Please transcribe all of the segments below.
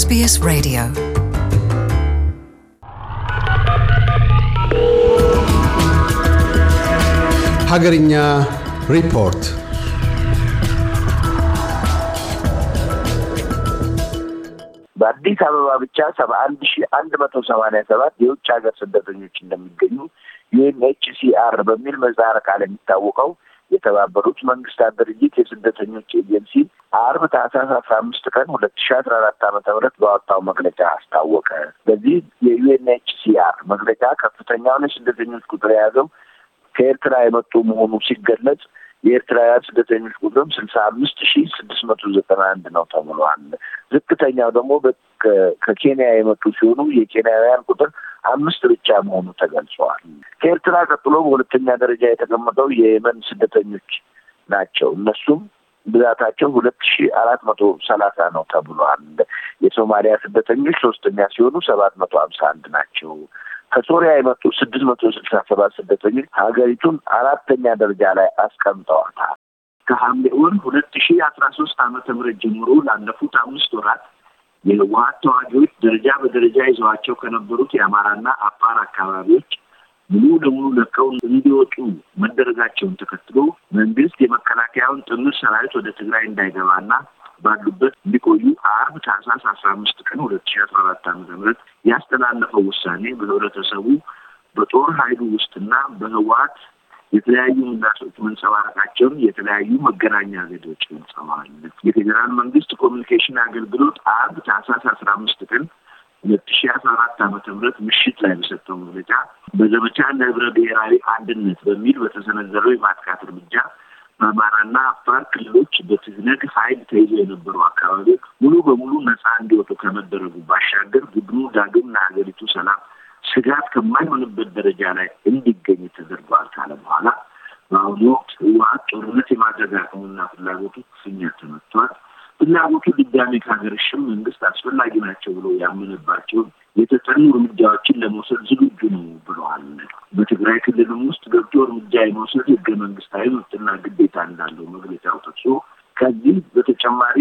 SBS Radio. ሀገርኛ ሪፖርት በአዲስ አበባ ብቻ ሰባ አንድ ሺ አንድ መቶ ሰማኒያ ሰባት የውጭ ሀገር ስደተኞች እንደሚገኙ ዩኤንኤችሲአር በሚል ምህጻረ ቃል የሚታወቀው የተባበሩት መንግስታት ድርጅት የስደተኞች ኤጀንሲ አርብ ታህሳስ አስራ አምስት ቀን ሁለት ሺ አስራ አራት ዓመተ ምህረት ባወጣው መግለጫ አስታወቀ። በዚህ የዩኤንኤችሲአር መግለጫ ከፍተኛውን የስደተኞች ቁጥር የያዘው ከኤርትራ የመጡ መሆኑ ሲገለጽ የኤርትራውያን ስደተኞች ቁጥርም ስልሳ አምስት ሺ ስድስት መቶ ዘጠና አንድ ነው ተብሏል። ዝቅተኛው ደግሞ ከኬንያ የመጡ ሲሆኑ የኬንያውያን ቁጥር አምስት ብቻ መሆኑ ተገልጸዋል። ከኤርትራ ቀጥሎ በሁለተኛ ደረጃ የተቀመጠው የየመን ስደተኞች ናቸው። እነሱም ብዛታቸው ሁለት ሺ አራት መቶ ሰላሳ ነው ተብሏል። የሶማሊያ ስደተኞች ሶስተኛ ሲሆኑ ሰባት መቶ ሀምሳ አንድ ናቸው። ከሶሪያ የመጡ ስድስት መቶ ስልሳ ሰባት ስደተኞች ሀገሪቱን አራተኛ ደረጃ ላይ አስቀምጠዋታል። ከሐምሌ ወር ሁለት ሺ አስራ ሶስት አመተ ምህረት ጀምሮ ላለፉት አምስት ወራት የህወሀት ተዋጊዎች ደረጃ በደረጃ ይዘዋቸው ከነበሩት የአማራና አፋር አካባቢዎች ሙሉ ለሙሉ ለቀው እንዲወጡ መደረጋቸውን ተከትሎ መንግስት የመከላከያውን ጥምር ሰራዊት ወደ ትግራይ እንዳይገባና ባሉበት እንዲቆዩ አርብ ታህሳስ አስራ አምስት ቀን ሁለት ሺ አስራ አራት ዓመተ ምህረት ያስተላለፈው ውሳኔ በህብረተሰቡ በጦር ኃይሉ ውስጥና በህወሀት የተለያዩ ምላሾች መንጸባረቃቸውን የተለያዩ መገናኛ ዘዴዎች ገልጸዋል። የፌዴራል መንግስት ኮሚኒኬሽን አገልግሎት አርብ ታህሳስ አስራ አምስት ቀን ሁለት ሺ አስራ አራት ዓመተ ምህረት ምሽት ላይ በሰጠው መግለጫ በዘመቻ ለህብረ ብሔራዊ አንድነት በሚል በተሰነዘረው የማጥቃት እርምጃ በአማራና አፋር ክልሎች በትህነግ ኃይል ተይዘ የነበሩ አካባቢዎች ሙሉ በሙሉ ነፃ እንዲወጡ ከመደረጉ ባሻገር ቡድኑ ዳግም ለሀገሪቱ ሰላም ስጋት ከማይሆንበት ደረጃ ላይ እንዲ የአፍሪካ ሀገር መንግስት አስፈላጊ ናቸው ብሎ ያመነባቸውን የተጠኑ እርምጃዎችን ለመውሰድ ዝግጁ ነው ብለዋል። በትግራይ ክልልም ውስጥ ገብቶ እርምጃ የመውሰድ ህገ መንግስታዊ መብትና ግዴታ እንዳለው መግለጫው ጠቅሶ ከዚህ በተጨማሪ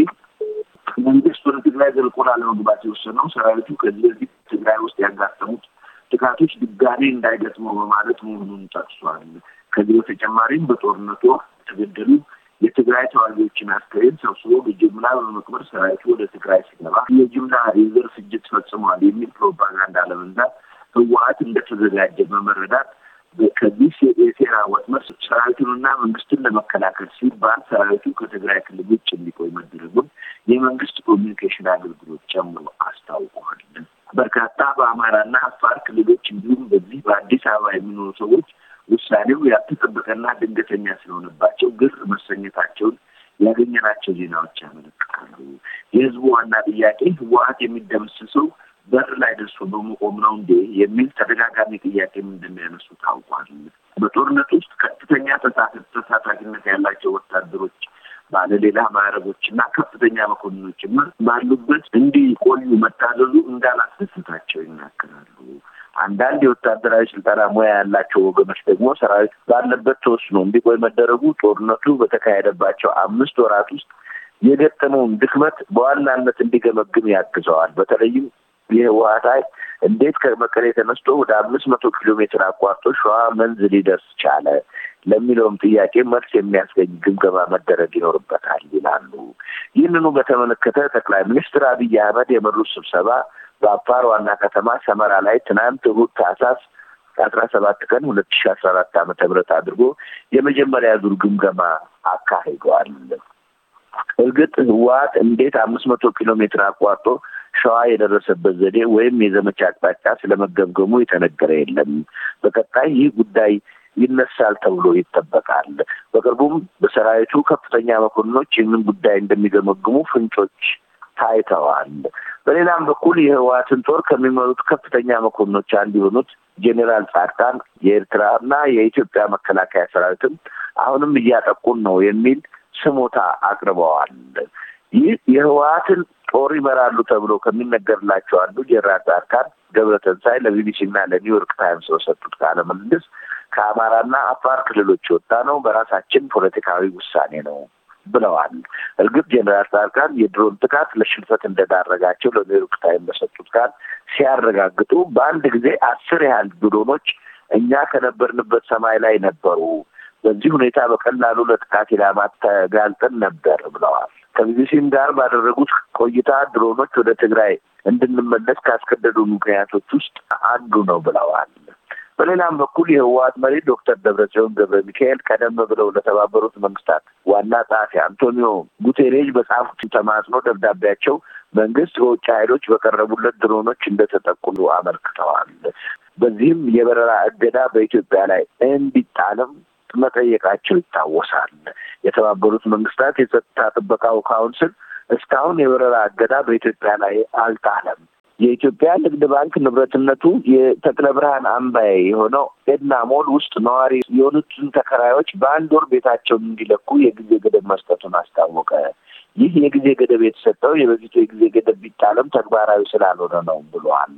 መንግስት ወደ ትግራይ ዘልቆ ላለመግባት የወሰነው ሰራዊቱ ከዚህ በፊት ትግራይ ውስጥ ያጋጠሙት ጥቃቶች ድጋሜ እንዳይገጥመው በማለት መሆኑን ጠቅሷል። ከዚህ በተጨማሪም በጦርነቱ ወቅት የተገደሉ የትግራይ ተዋጊዎችን አስከሬን ሰብስቦ በጅምላ በመቅበር ሰራዊቱ ወደ ትግራይ ሲገባ የጅምላ የዘር ፍጅት ፈጽሟል የሚል ፕሮፓጋንዳ ለመንዛት ህወሀት እንደተዘጋጀ በመረዳት ከዚህ የሴራ ወጥመድ ሰራዊቱንና መንግስትን ለመከላከል ሲባል ሰራዊቱ ከትግራይ ክልል ውጭ እንዲቆይ መደረጉን የመንግስት ኮሚኒኬሽን አገልግሎት ጨምሮ አስታውቋል። በርካታ በአማራና አፋር ክልሎች እንዲሁም በዚህ በአዲስ አበባ የሚኖሩ ሰዎች ውሳኔው ያልተጠበቀና ድንገተኛ ስለሆነባቸው ግር መሰኘታቸውን ያገኘናቸው ዜናዎች ያመለክታሉ። የህዝቡ ዋና ጥያቄ ህወሀት የሚደመስሰው በር ላይ ደርሶ በመቆም ነው እንዴ የሚል ተደጋጋሚ ጥያቄም እንደሚያነሱ ታውቋል። በጦርነት ውስጥ ከፍተኛ ተሳታፊነት ያላቸው ወታደሮች ባለሌላ ማዕረጎችና ከፍተኛ መኮንኖችም ባሉበት እንዲቆዩ ቆዩ መታዘዙ እንዳላስደስታቸው ይናገራሉ። አንዳንድ የወታደራዊ ስልጠና ሙያ ያላቸው ወገኖች ደግሞ ሰራዊት ባለበት ተወስኖ እንዲቆይ መደረጉ ጦርነቱ በተካሄደባቸው አምስት ወራት ውስጥ የገጠመውን ድክመት በዋናነት እንዲገመግም ያግዘዋል። በተለይም የህወሓት ኃይል እንዴት ከመቀሌ ተነስቶ ወደ አምስት መቶ ኪሎ ሜትር አቋርጦ ሸዋ መንዝ ሊደርስ ቻለ ለሚለውም ጥያቄ መልስ የሚያስገኝ ግምገማ መደረግ ይኖርበታል ይላሉ። ይህንኑ በተመለከተ ጠቅላይ ሚኒስትር አብይ አህመድ የመሩት ስብሰባ በአፋር ዋና ከተማ ሰመራ ላይ ትናንት እሁድ ታህሳስ አስራ ሰባት ቀን ሁለት ሺ አስራ አራት ዓመተ ምህረት አድርጎ የመጀመሪያ ዙር ግምገማ አካሂዷል። እርግጥ ህወሓት እንዴት አምስት መቶ ኪሎ ሜትር አቋርጦ ሸዋ የደረሰበት ዘዴ ወይም የዘመቻ አቅጣጫ ስለመገምገሙ የተነገረ የለም። በቀጣይ ይህ ጉዳይ ይነሳል ተብሎ ይጠበቃል። በቅርቡም በሰራዊቱ ከፍተኛ መኮንኖች ይህንን ጉዳይ እንደሚገመግሙ ፍንጮች ታይተዋል። በሌላም በኩል የህወሓትን ጦር ከሚመሩት ከፍተኛ መኮንኖች አንዱ የሆኑት ጄኔራል ጻድቃን የኤርትራ እና የኢትዮጵያ መከላከያ ሰራዊትም አሁንም እያጠቁን ነው የሚል ስሞታ አቅርበዋል። ይህ የህወሓትን ጦር ይመራሉ ተብሎ ከሚነገርላቸው አንዱ ጄኔራል ጻድቃን ገብረተንሳይ ለቢቢሲ ለኒውዮርክ ታይምስ በሰጡት ቃለ ምልልስ ከአማራና አፋር ክልሎች የወጣ ነው፣ በራሳችን ፖለቲካዊ ውሳኔ ነው ብለዋል። እርግጥ ጄኔራል ታርካን የድሮን ጥቃት ለሽንፈት እንደዳረጋቸው ለኒውዮርክ ታይም በሰጡት ቃል ሲያረጋግጡ በአንድ ጊዜ አስር ያህል ድሮኖች እኛ ከነበርንበት ሰማይ ላይ ነበሩ። በዚህ ሁኔታ በቀላሉ ለጥቃት ኢላማ ተጋልጠን ነበር ብለዋል። ከቢቢሲም ጋር ባደረጉት ቆይታ ድሮኖች ወደ ትግራይ እንድንመለስ ካስገደዱ ምክንያቶች ውስጥ አንዱ ነው ብለዋል። በሌላም በኩል የህወሓት መሪ ዶክተር ደብረጽዮን ገብረ ሚካኤል ቀደም ብለው ለተባበሩት መንግስታት ዋና ጸሐፊ አንቶኒዮ ጉቴሬጅ በጻፉት ተማጽኖ ደብዳቤያቸው መንግስት በውጭ ኃይሎች በቀረቡለት ድሮኖች እንደተጠቁሉ አመልክተዋል። በዚህም የበረራ እገዳ በኢትዮጵያ ላይ እንዲጣልም መጠየቃቸው ይታወሳል። የተባበሩት መንግስታት የጸጥታ ጥበቃው ካውንስል እስካሁን የበረራ እገዳ በኢትዮጵያ ላይ አልጣለም። የኢትዮጵያ ንግድ ባንክ ንብረትነቱ የተክለ ብርሃን አምባዬ የሆነው ኤድና ሞል ውስጥ ነዋሪ የሆኑትን ተከራዮች በአንድ ወር ቤታቸውን እንዲለቁ የጊዜ ገደብ መስጠቱን አስታወቀ። ይህ የጊዜ ገደብ የተሰጠው የበፊቱ የጊዜ ገደብ ቢጣለም ተግባራዊ ስላልሆነ ነው ብሏል።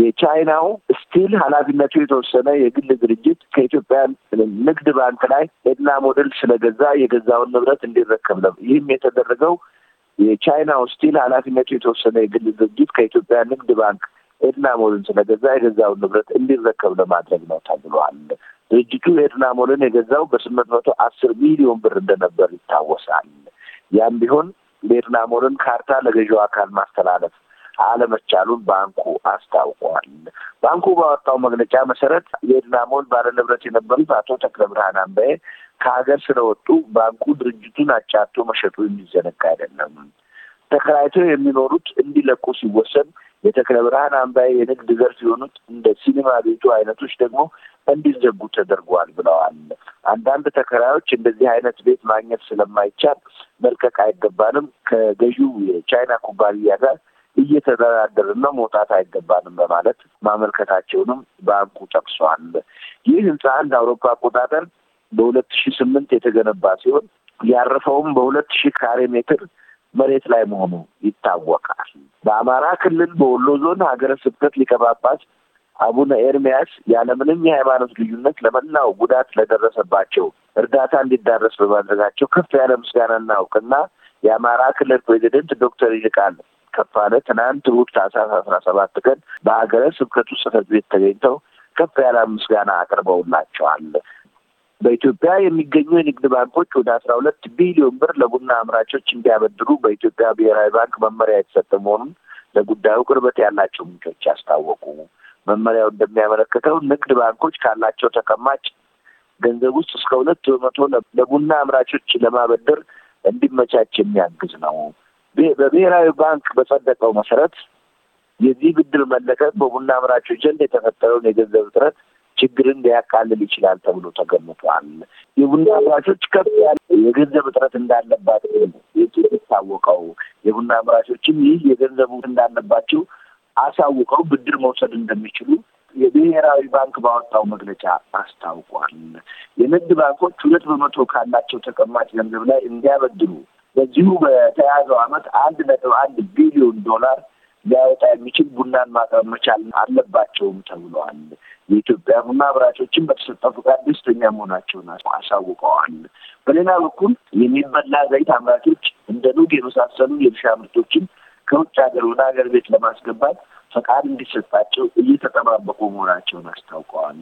የቻይናው ስቲል ኃላፊነቱ የተወሰነ የግል ድርጅት ከኢትዮጵያ ንግድ ባንክ ላይ ኤድና ሞዴል ስለገዛ የገዛውን ንብረት እንዲረከብ ነው። ይህም የተደረገው የቻይና ስቲል ኃላፊነቱ የተወሰነ የግል ድርጅት ከኢትዮጵያ ንግድ ባንክ ኤድና ሞልን ስለገዛ የገዛውን ንብረት እንዲረከብ ለማድረግ ነው ተብሏል። ድርጅቱ ኤድና ሞልን የገዛው በስምንት መቶ አስር ሚሊዮን ብር እንደነበር ይታወሳል። ያም ቢሆን ኤድና ሞልን ካርታ ለገዢው አካል ማስተላለፍ አለመቻሉን ባንኩ አስታውቋል። ባንኩ ባወጣው መግለጫ መሰረት የኤድና ሞል ባለንብረት የነበሩት አቶ ተክለ ብርሃን አንበዬ ከሀገር ስለወጡ ባንኩ ድርጅቱን አጫቶ መሸጡ የሚዘነጋ አይደለም። ተከራይተው የሚኖሩት እንዲለቁ ሲወሰን የተክለ ብርሃን አምባይ የንግድ ዘርፍ የሆኑት እንደ ሲኒማ ቤቱ አይነቶች ደግሞ እንዲዘጉ ተደርጓል ብለዋል። አንዳንድ ተከራዮች እንደዚህ አይነት ቤት ማግኘት ስለማይቻል መልቀቅ አይገባንም፣ ከገዢው የቻይና ኩባንያ ጋር እየተደራደርን መውጣት አይገባንም በማለት ማመልከታቸውንም ባንኩ ጠቅሷል። ይህ ህንፃ እንደ አውሮፓ አቆጣጠር በሁለት ሺ ስምንት የተገነባ ሲሆን ያረፈውም በሁለት ሺ ካሬ ሜትር መሬት ላይ መሆኑ ይታወቃል። በአማራ ክልል በወሎ ዞን ሀገረ ስብከት ሊቀ ጳጳስ አቡነ ኤርሚያስ ያለምንም የሃይማኖት ልዩነት ለመላው ጉዳት ለደረሰባቸው እርዳታ እንዲዳረስ በማድረጋቸው ከፍ ያለ ምስጋና እናውቅና የአማራ ክልል ፕሬዚደንት ዶክተር ይልቃል ከፋለ ትናንት እሑድ ታኅሳስ አስራ ሰባት ቀን በሀገረ ስብከቱ ጽሕፈት ቤት ተገኝተው ከፍ ያለ ምስጋና አቅርበውላቸዋል። በኢትዮጵያ የሚገኙ የንግድ ባንኮች ወደ አስራ ሁለት ቢሊዮን ብር ለቡና አምራቾች እንዲያበድሩ በኢትዮጵያ ብሔራዊ ባንክ መመሪያ የተሰጠ መሆኑን ለጉዳዩ ቅርበት ያላቸው ምንጮች አስታወቁ። መመሪያው እንደሚያመለክተው ንግድ ባንኮች ካላቸው ተቀማጭ ገንዘብ ውስጥ እስከ ሁለት በመቶ ለቡና አምራቾች ለማበደር እንዲመቻች የሚያግዝ ነው። በብሔራዊ ባንክ በጸደቀው መሰረት የዚህ ብድር መለቀቅ በቡና አምራቾች ዘንድ የተፈጠረውን የገንዘብ እጥረት ችግርን ሊያቃልል ይችላል ተብሎ ተገምቷል። የቡና አምራቾች ከፍ ያለ የገንዘብ እጥረት እንዳለባቸው የሚታወቀው የቡና አምራቾችም ይህ የገንዘቡ እንዳለባቸው አሳውቀው ብድር መውሰድ እንደሚችሉ የብሔራዊ ባንክ ባወጣው መግለጫ አስታውቋል። የንግድ ባንኮች ሁለት በመቶ ካላቸው ተቀማጭ ገንዘብ ላይ እንዲያበድሩ በዚሁ በተያያዘው ዓመት አንድ ነጥብ አንድ ቢሊዮን ዶላር ሊያወጣ የሚችል ቡናን ማቅረብ መቻል አለባቸውም ተብለዋል። የኢትዮጵያ ቡና አብራቾችን በተሰጠው ፈቃድ ደስተኛ መሆናቸውን አሳውቀዋል። በሌላ በኩል የሚበላ ዘይት አምራቾች እንደ ኑግ የመሳሰሉ የእርሻ ምርቶችን ከውጭ ሀገር ወደ ሀገር ቤት ለማስገባት ፈቃድ እንዲሰጣቸው እየተጠባበቁ መሆናቸውን አስታውቀዋል።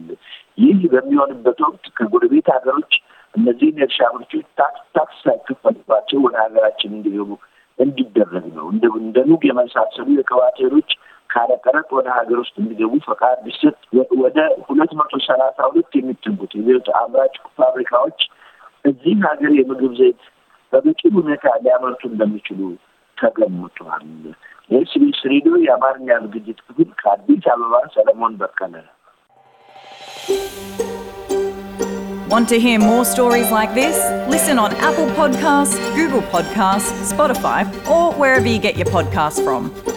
ይህ በሚሆንበት ወቅት ከጎረቤት ሀገሮች እነዚህን የእርሻ ምርቶች ታክስ ሳይከፈልባቸው ወደ ሀገራችን እንዲገቡ እንዲደረግ ነው። እንደ ኑግ የመሳሰሉ የቅባት እህሎች ካረቀረ ወደ ሀገር ውስጥ እንዲገቡ ፈቃድ ቢሰጥ ወደ ሁለት መቶ ሰላሳ ሁለት የሚጠጉት የዘይት አምራች ፋብሪካዎች እዚህ ሀገር የምግብ ዘይት በበቂ ሁኔታ ሊያመርቱ እንደሚችሉ ተገምቷል። የኤስቢኤስ ሬዲዮ የአማርኛ ዝግጅት ክፍል ከአዲስ አበባ ሰለሞን በቀለ። Want to hear more stories like this? Listen on Apple Podcasts, Google Podcasts, Spotify, or wherever you get your podcasts from.